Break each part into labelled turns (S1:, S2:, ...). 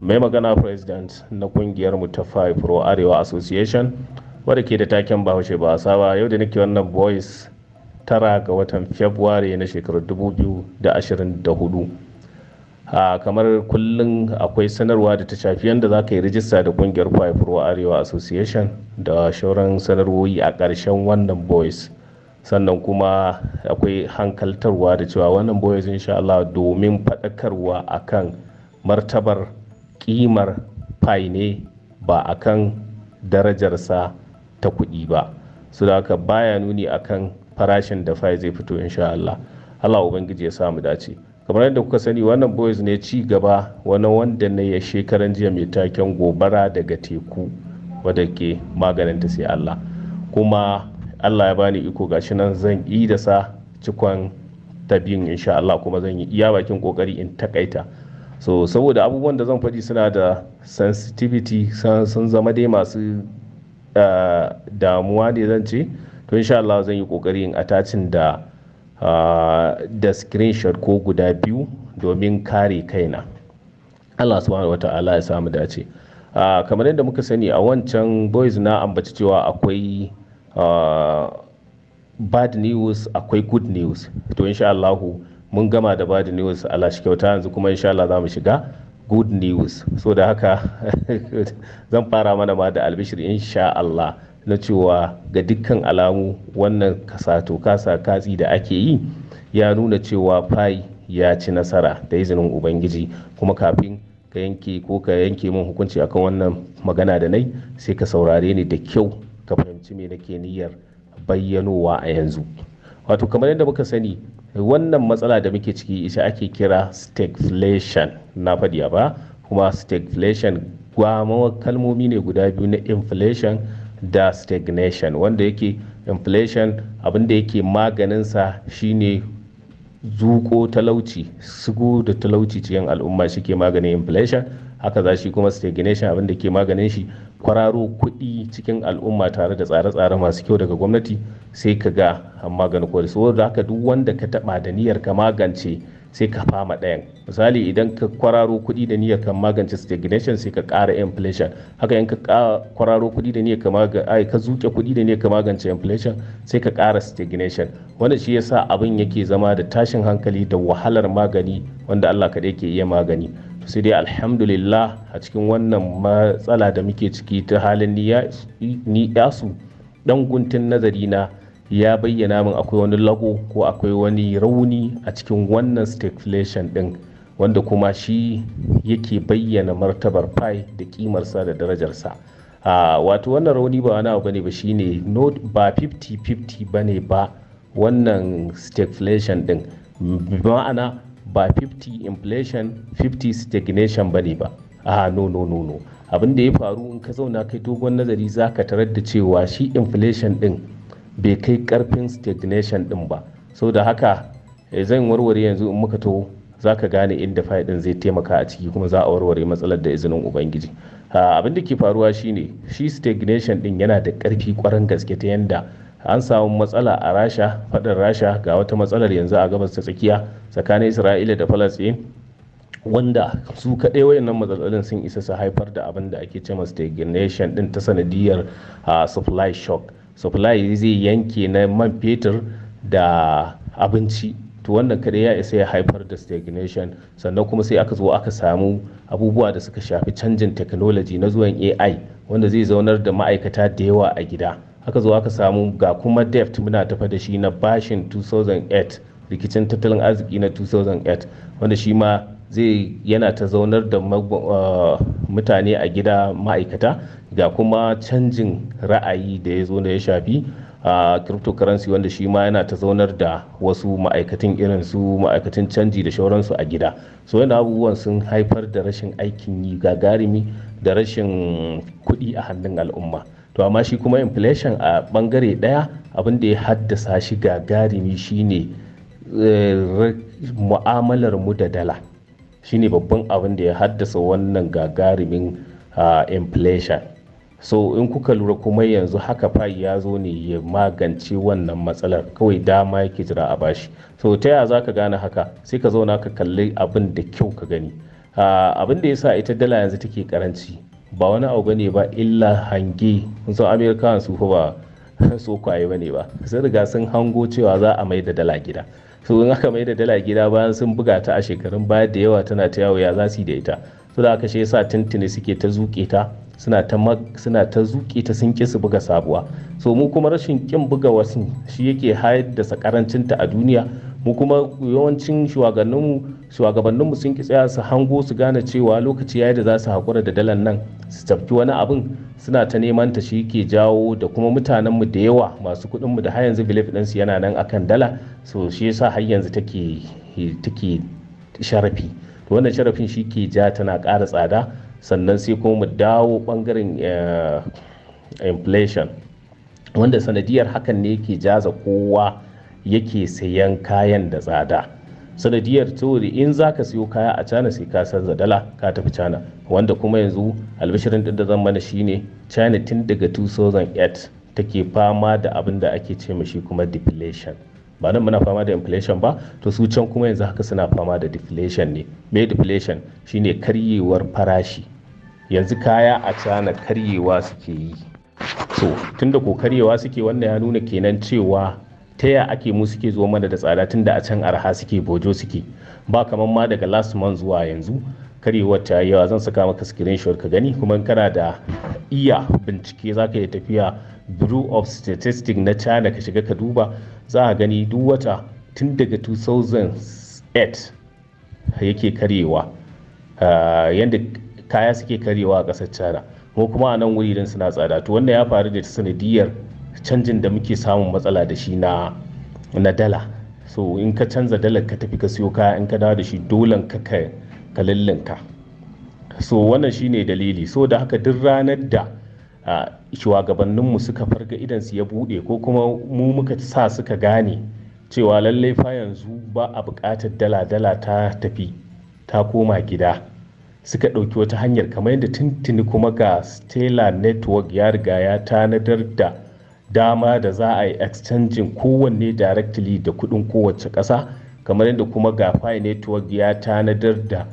S1: mai magana president na kungiyar mu ta five pro arewa association wadda ke da taken bahaushe ba wasa ba yau da nake wannan boys tara ga watan february na shekarar 2024 a kamar kullum akwai sanarwa da ta shafi yadda za ka yi rijista da kungiyar five pro arewa association da shauran sanarwoyi a ƙarshen wannan boys sannan kuma akwai hankaltarwa da cewa wannan boys insha Allah domin faɗakarwa akan martabar ƙimar pi ne ba akan darajarsa ta kuɗi ba su da haka baya nuni akan farashin da fai zai fito insha Allah Allah ubangiji ya samu dace kamar yadda kuka sani wannan boys ne ci gaba wani wanda na ya shekaran jiya mai taken gobara daga teku wadda ke maganin ta, sai Allah kuma Allah ya bani iko gashi nan zan yi da cikon tabin insha Allah kuma zan yi iya bakin kokari in takaita so saboda abubuwan da zan faɗi suna da sensitivity sun zama dai masu eh, damuwa ne zan ce to insha Allah zan yi kokari in attachin da ah, da screenshot ko guda biyu domin kare kaina Allah subhanahu ta'ala ya samu dace ah, kamar yadda muka sani a wancan boys na ambaci cewa akwai ah, bad news akwai good news to insha Allah mun gama da bad news Allah shi kyauta yanzu kuma insha Allah za mu shiga good news so da haka zan fara mana ma da albishir insha Allah na cewa ga dukkan alamu wannan kasato kasa katsi da ake yi ya nuna cewa fai ya ci nasara da izinin ubangiji kuma kafin ka yanke ko ka yanke min hukunci akan wannan magana da nai sai ka saurare ni da kyau ka fahimci me nake niyyar bayyanowa a yanzu wato kamar yadda muka sani wannan matsala da muke ciki ita ake kira stagflation na faɗi ba kuma stagflation gwama kalmomi ne guda biyu na inflation da stagnation wanda yake inflation abinda yake maganinsa shine zuko talauci sugu da talauci cikin al'umma shi ke maganin inflation haka za shi kuma stagnation abinda ke maganin shi kwararo kuɗi cikin al'umma tare da tsare-tsare masu kyau daga gwamnati sai ka ga an magani kori saboda haka duk wanda ka taba da niyyar ka magance sai ka fama ɗayan misali idan ka kwararo kuɗi da niyyar ka magance stagnation sai ka ƙara inflation haka in ka kwararo kuɗi da niyyar ka magance ka zuke kuɗi da niyyar ka magance inflation sai ka ƙara stagnation wanda shi yasa abin yake zama da tashin hankali da wahalar magani wanda Allah kaɗai ke iya magani sai dai alhamdulillah a cikin wannan matsala da muke ciki ta halin niyasu dan guntun nazari na ya bayyana min akwai wani lago ko akwai wani rauni a cikin wannan stagflation din wanda kuma shi yake bayyana martabar pi da kimarsa da darajarsa wato wannan rauni ba wani abu bane ba shine ba 50-50 bane ba wannan stagflation din ma'ana ba 50 inflation 50 stagnation bane ba a no no no no abin da ya faru in ka zauna kai dogon nazari zaka tarar da cewa shi inflation din bai kai karfin stagnation din ba sau da haka eh, zan warware yanzu in muka to za ka gane inda fa'idin zai taimaka a ciki kuma za a warware matsalar da izinin ubangiji abin da ke faruwa shine shi stagnation din yana da karfi kwarin gaske ta yanda an samu matsala a rasha fadar rasha ga wata matsalar yanzu a gabas ta tsakiya tsakanin isra'ila da falastin wanda su kaɗai wayannan matsalolin sun isa su haifar da abin da ake cewa stagnation din ta sanadiyar ah, supply shock supply zai yanke na man fetur da abinci to wannan kada ya isa ya haifar da stagnation sannan kuma sai aka zo aka samu abubuwa da suka shafi canjin technology na zuwan ai wanda zai zaunar da ma'aikata da yawa a gida aka zo aka samu ga kuma deft muna tafa da shi na bashin 2008 rikicin tattalin arziki na 2008 wanda shi ma zai yana ta zaunar da ah, mutane a gida ma'aikata ga kuma canjin ra'ayi da ya zo da ya shafi a ah, cryptocurrency wanda shi ma yana ta zaunar da wasu ma'aikatan irin su ma'aikatan canji da shauransu a gida so yana abubuwan sun haifar da rashin aikin yi gagarumi da rashin kuɗi a hannun al'umma to amma shi kuma inflation a bangare ɗaya abin da ya haddasa shi gagarumi shine eh, mu'amalar mu da dala shine babban abin da ya haddasa wannan gagarumin inflation so in kuka lura kuma yanzu haka fa ya zo ne ya magance wannan matsalar kawai dama yake jira a bashi so ta yaya za ka gane haka sai ka zauna ka kalli abin da kyau ka gani abin da ya sa ita dala yanzu take karanci ba wani abu ne ba illa hange sun amerikawan su ba so kwaye ba ne ba sun riga sun hango cewa za a mai da dala gida su aka mai da dala gida bayan sun buga ta a shekarun baya da yawa tana ta yawo ya za su yi da ita su da aka shi tuntuni suke ta zuke ta suna ta sun ki su buga sabuwa so mu kuma rashin kin buga wasu shi yake haddasa karancin ta a duniya mu kuma yawancin shugabanninmu sun ki tsaya su hango su gane cewa lokaci yayi da za su hakura da dalan nan su tafki wani abin suna ta neman ta shi ke jawo da kuma mutanenmu da yawa masu kuɗinmu da har yanzu belief ɗinsu yana nan akan dala so shi yasa har yanzu take take sharafi to wannan sharafin shi ke ja tana kara tsada sannan sai kuma mu dawo ɓangaren eh, inflation wanda sanadiyar hakan ne ke jaza kowa yake sayan kayan da tsada sanadiyar tori in za ka siyo kaya a cana sai ka canza dala ka tafi cana wanda kuma yanzu albishirin da zan mana shine china tun daga 2008 take fama da abin da ake ce mashi kuma deflation ba nan muna fama da inflation ba to su can kuma yanzu haka suna fama da deflation ne me deflation shine karyewar farashi yanzu kaya a cana karyewa suke yi so tunda ko karyewa suke wannan ya nuna kenan cewa ta ya ake mu suke zuwa mana da tsada tunda a can arha suke bojo suke ba kamar ma daga last month zuwa yanzu karyewar ta yawa zan saka maka screenshot ka gani kuma kana da iya bincike za ka iya tafiya bureau of statistics na china ka shiga ka duba za a gani duk wata tun daga 2008 yake karyewa ah, yadda kaya suke karyewa a ƙasar china ko kuma a nan wuri wuririn suna tsada to wannan ya faru da sanadiyar canjin da muke samun matsala da shi na dala so in ka canza dalar ka tafi ka siyo kaya in ka dawo da shi dolan ka ka lallanka so wannan shine dalili so da haka duk ranar da shugabanninmu suka farga idansu ya buɗe ko kuma mu muka sa suka gane cewa lallai fa yanzu ba a bukatar dala-dala ta tafi ta koma gida suka ɗauki wata hanyar kamar yadda tuntuni kuma ga stella network ya riga ya tanadar da dama da za a yi exchanging kowanne directly da kuɗin kowace ƙasa kamar yadda kuma ga network ya tanadar da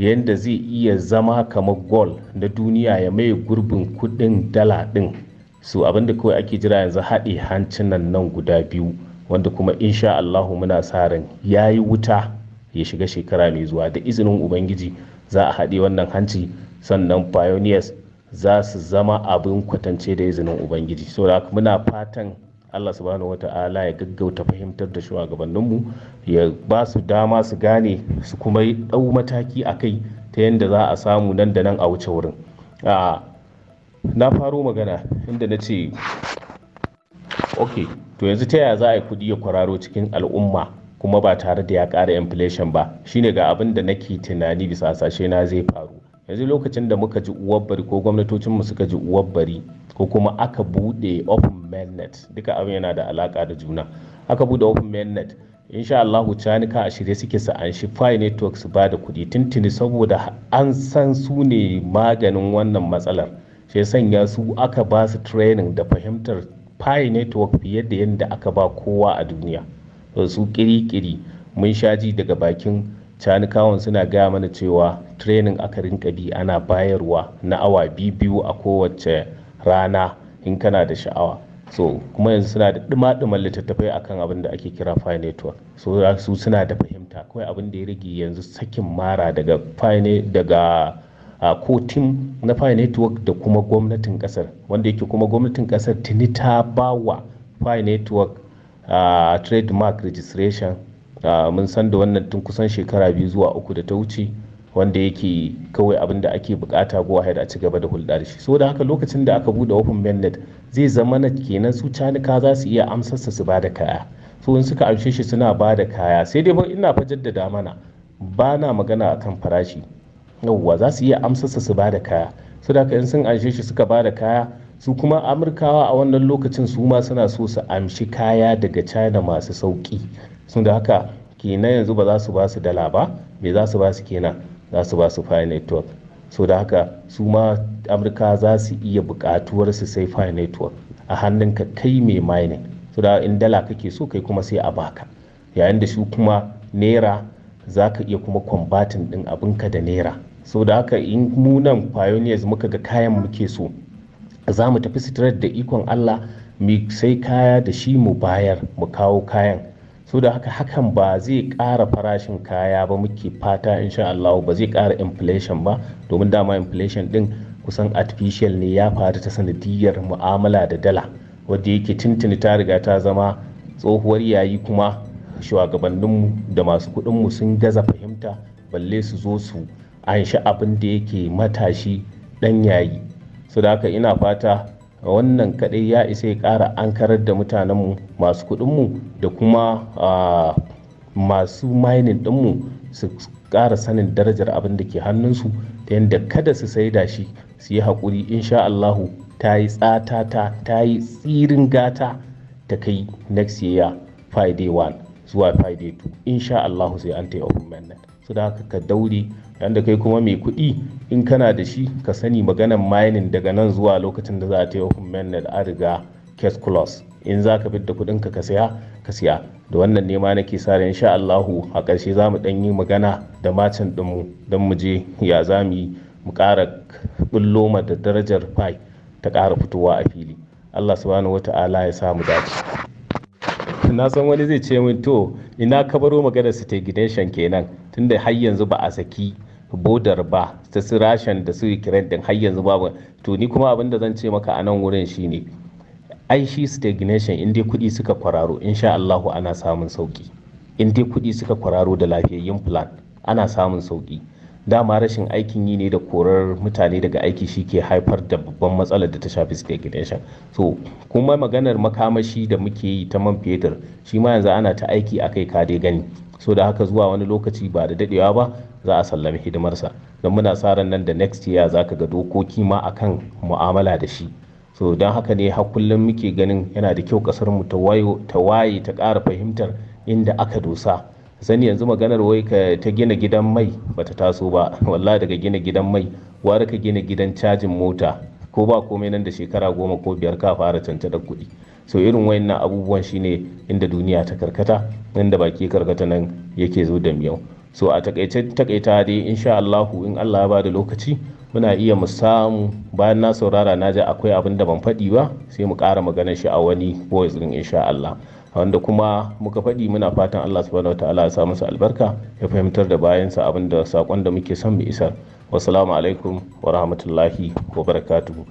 S1: yadda zai iya zama kamar gol na duniya ya maye gurbin kudin dala din su abinda kawai ake jira yanzu haɗe hancinan nan guda biyu wanda kuma insha Allahu muna sa ran yayi wuta ya shiga shekara mai zuwa da izinin ubangiji za a haɗe wannan hanci sannan pioneers za su zama abin kwatance da izinin ubangiji saboda muna fatan Allah subhanahu ya gaggauta fahimtar da shugabanninmu ya ba su dama su gane su kuma ɗau mataki a kai ta yadda za a samu nan da nan a wuce wurin na faro magana inda na ce ok to yanzu ta yaya za a yi kuɗi ya kwararo cikin al'umma kuma ba tare da ya ƙara inflation ba shine ga abin da nake tunani bisa sashe na zai faru yanzu lokacin da muka ji uwar bari ko gwamnatocinmu suka ji uwar bari ko kuma aka bude open mainnet duka abin yana da alaka da juna aka bude open mainnet insha Allahu canika a shirye suke sa an shi fi network su ba da kuɗi tuntuni saboda an san su ne maganin wannan matsalar shi sanya su aka ba su training da fahimtar fi network fiye da yadda aka ba kowa a duniya su kiri-kiri mun sha ji daga bakin canikawan suna gaya mana cewa training aka rinka bi ana bayarwa na awa biyu a kowace rana in kana da sha'awa so kuma yanzu suna da dima-diman littattafai akan abin da ake kira fi network so su suna da fahimta kawai abin da ya rage yanzu sakin mara daga fine daga a na fire network da kuma gwamnatin kasar wanda yake kuma gwamnatin kasar tuni ta ba wa fire network trademark registration Ah, mun san da wannan tun kusan shekara biyu zuwa uku da ta wuce wanda yake kawai abin da ake bukata go ahead a cigaba da hulɗa da shi so da haka lokacin da aka bude open mainnet zai zama na kenan su canika za su iya amsarsa su ba da kaya so in suka amshe shi suna ba da kaya sai dai ina fa jaddada mana ba na magana akan farashi yauwa za su iya amsarsa su ba da kaya so da haka in sun amshe shi suka ba da kaya su kuma amurkawa a wannan lokacin su ma suna so su amshi kaya daga china masu sauki sun da haka kenan yanzu ba za su ba su dala ba me za su ba su kenan za su ba su fire network so da haka su ma amurka za su iya buƙatuwar su sai fire network a hannun ka kai mai mining so da in dala kake so kai kuma sai a baka yayin da shi kuma naira za ka iya kuma kwambatin ɗin abinka da naira so da haka in mu nan pioneers muka ga kayan muke so za mu tafi straight da ikon allah mu sai kaya da shi mu bayar mu kawo kayan so da haka hakan ba zai ƙara farashin kaya ba muke fata insha Allah ba zai ƙara inflation ba domin dama inflation din kusan artificial ne ya faru ta sanadiyar mu'amala da dala wadda yake tuntuni ta riga ta zama tsohuwar yayi kuma shugabanninmu da masu kuɗinmu sun gaza fahimta balle su zo su anshi abin da yake matashi ɗan yayi so da haka ina fata a wannan kadai ya isa ya ƙara ankarar da mutanenmu masu kuɗinmu da kuma masu mainin ɗinmu su ƙara sanin darajar abin da ke hannunsu ta yadda kada su sai da shi su yi haƙuri insha Allahu ta yi tsata ta yi tsirin gata ta kai next year friday 1 zuwa friday 2 insha Allahu sai an ta yi open su da haka ka daure dan da kai kuma mai kuɗi in kana da shi ka sani maganan mining daga nan zuwa lokacin da za a taya hukumar da riga case close in za ka fita kuɗin ka ka siya ka siya da wannan nema nake sa ran insha Allahu a ƙarshe za mu ɗan yi magana da macin ɗinmu don mu je ya za mu yi mu ƙara ɓullo da darajar pi ta ƙara fitowa a fili Allah subhanahu wata'ala ya sa mu dace na san wani zai ce min to ina ka baro maganar su ta gidan shan kenan tunda har yanzu ba a saki bodar ba ta su da su ukraine din har yanzu babu to ni kuma abin da zan ce maka a nan wurin shine ai shi stagnation in dai kuɗi suka kwararo insha Allahu ana samun sauki in dai kuɗi suka kwararo da lafiyayyun plan ana samun sauki dama rashin aikin yi ne da korar mutane daga aiki shi ke haifar da babban matsalar da ta shafi stagnation so kuma maganar makamashi da muke yi ta man fetur shi ma yanzu ana ta aiki akai ka dai gani so da haka zuwa wani lokaci ba da dadewa ba za a sallami hidimarsa don muna tsarin nan da next year za ka ga dokoki ma a kan mu'amala da shi so don haka ne har kullum muke ganin yana da kyau kasar mu ta waye ta ƙara fahimtar inda aka dosa sani yanzu maganar wai ka ta gina gidan mai bata taso ba walla daga gina gidan mai wara ka gina gidan cajin mota ko ba komai nan da shekara goma ko biyar ka fara da kuɗi so irin wayannan abubuwan shine inda duniya ta karkata inda baki karkata nan yake zo da miyau so a takaice takaita dai insha Allahu in Allah ya ba da lokaci muna iya mu samu bayan na saurara na ji akwai abin da ban faɗi ba sai mu kara magana shi a wani voice din insha Allah wanda kuma muka faɗi muna fatan Allah subhanahu wataala ya sa musu albarka ya fahimtar da bayansa abin da sakon da muke son mu isar wasalamu alaikum wa rahmatullahi wa barakatuhu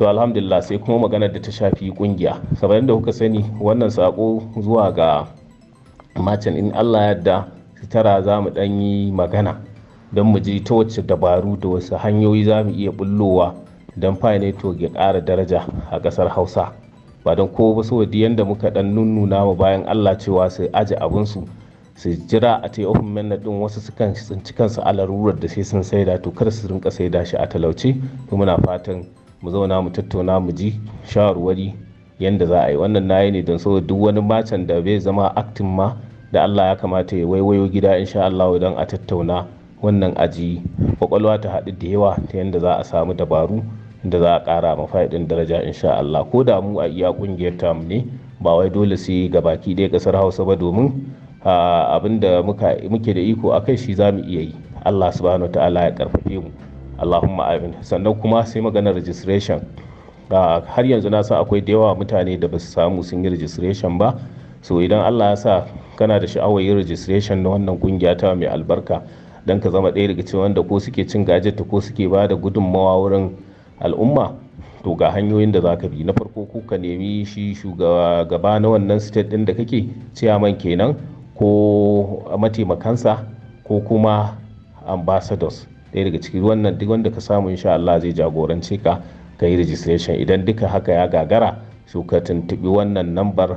S1: to alhamdulillah sai kuma magana da ta shafi kungiya saboda da kuka sani wannan sako zuwa ga macen in Allah yadda tara za mu ɗan yi magana don mu ji ta wacce dabaru da wasu hanyoyi za mu iya bullowa don fa network ya ƙara daraja a ƙasar hausa ba don ko ba saboda yadda muka dan nunnuna mu bayan allah cewa su aje abinsu su jira a ta yi din wasu sukan tsinci kansu a larurar da sai sun saida to kar su rinka saida shi a talauce to muna fatan mu zauna mu tattauna mu ji shawarwari yadda za a yi wannan nayi ne don saboda duk wani macen da bai zama aktin ma da allah ya kamata ya waiwayo gida insha allahu don a tattauna wannan aji kwakwalwa ta haɗu da yawa ta yadda za a samu dabaru da za a ƙara ma faɗin daraja insha allah ko da mu a iya ƙungiyar tamu ne ba wai dole sai ga baki ɗaya ƙasar hausa ba domin abin da muke da iko a kai shi za mu iya yi allah subhanahu wa ta'ala ya karfafe mu allahumma amin sannan kuma sai maganar registration har yanzu na san akwai da yawa mutane da ba su samu sun yi registration ba so idan allah ya sa kana da sha'awar yin registration na wannan kungiya ta mai albarka don ka zama ɗaya daga cikin wanda ko suke cin gajeta ko suke ba da gudunmawa wurin al'umma to ga hanyoyin da za ka bi na farko ku ka nemi shi shugaba na wannan state ɗin da kake ciyaman kenan ko mataimakansa ko kuma ambassadors ɗaya daga cikin wannan duk wanda ka samu insha Allah zai jagorance ka ka yi registration idan duka haka ya gagara so ka tuntuɓi wannan nambar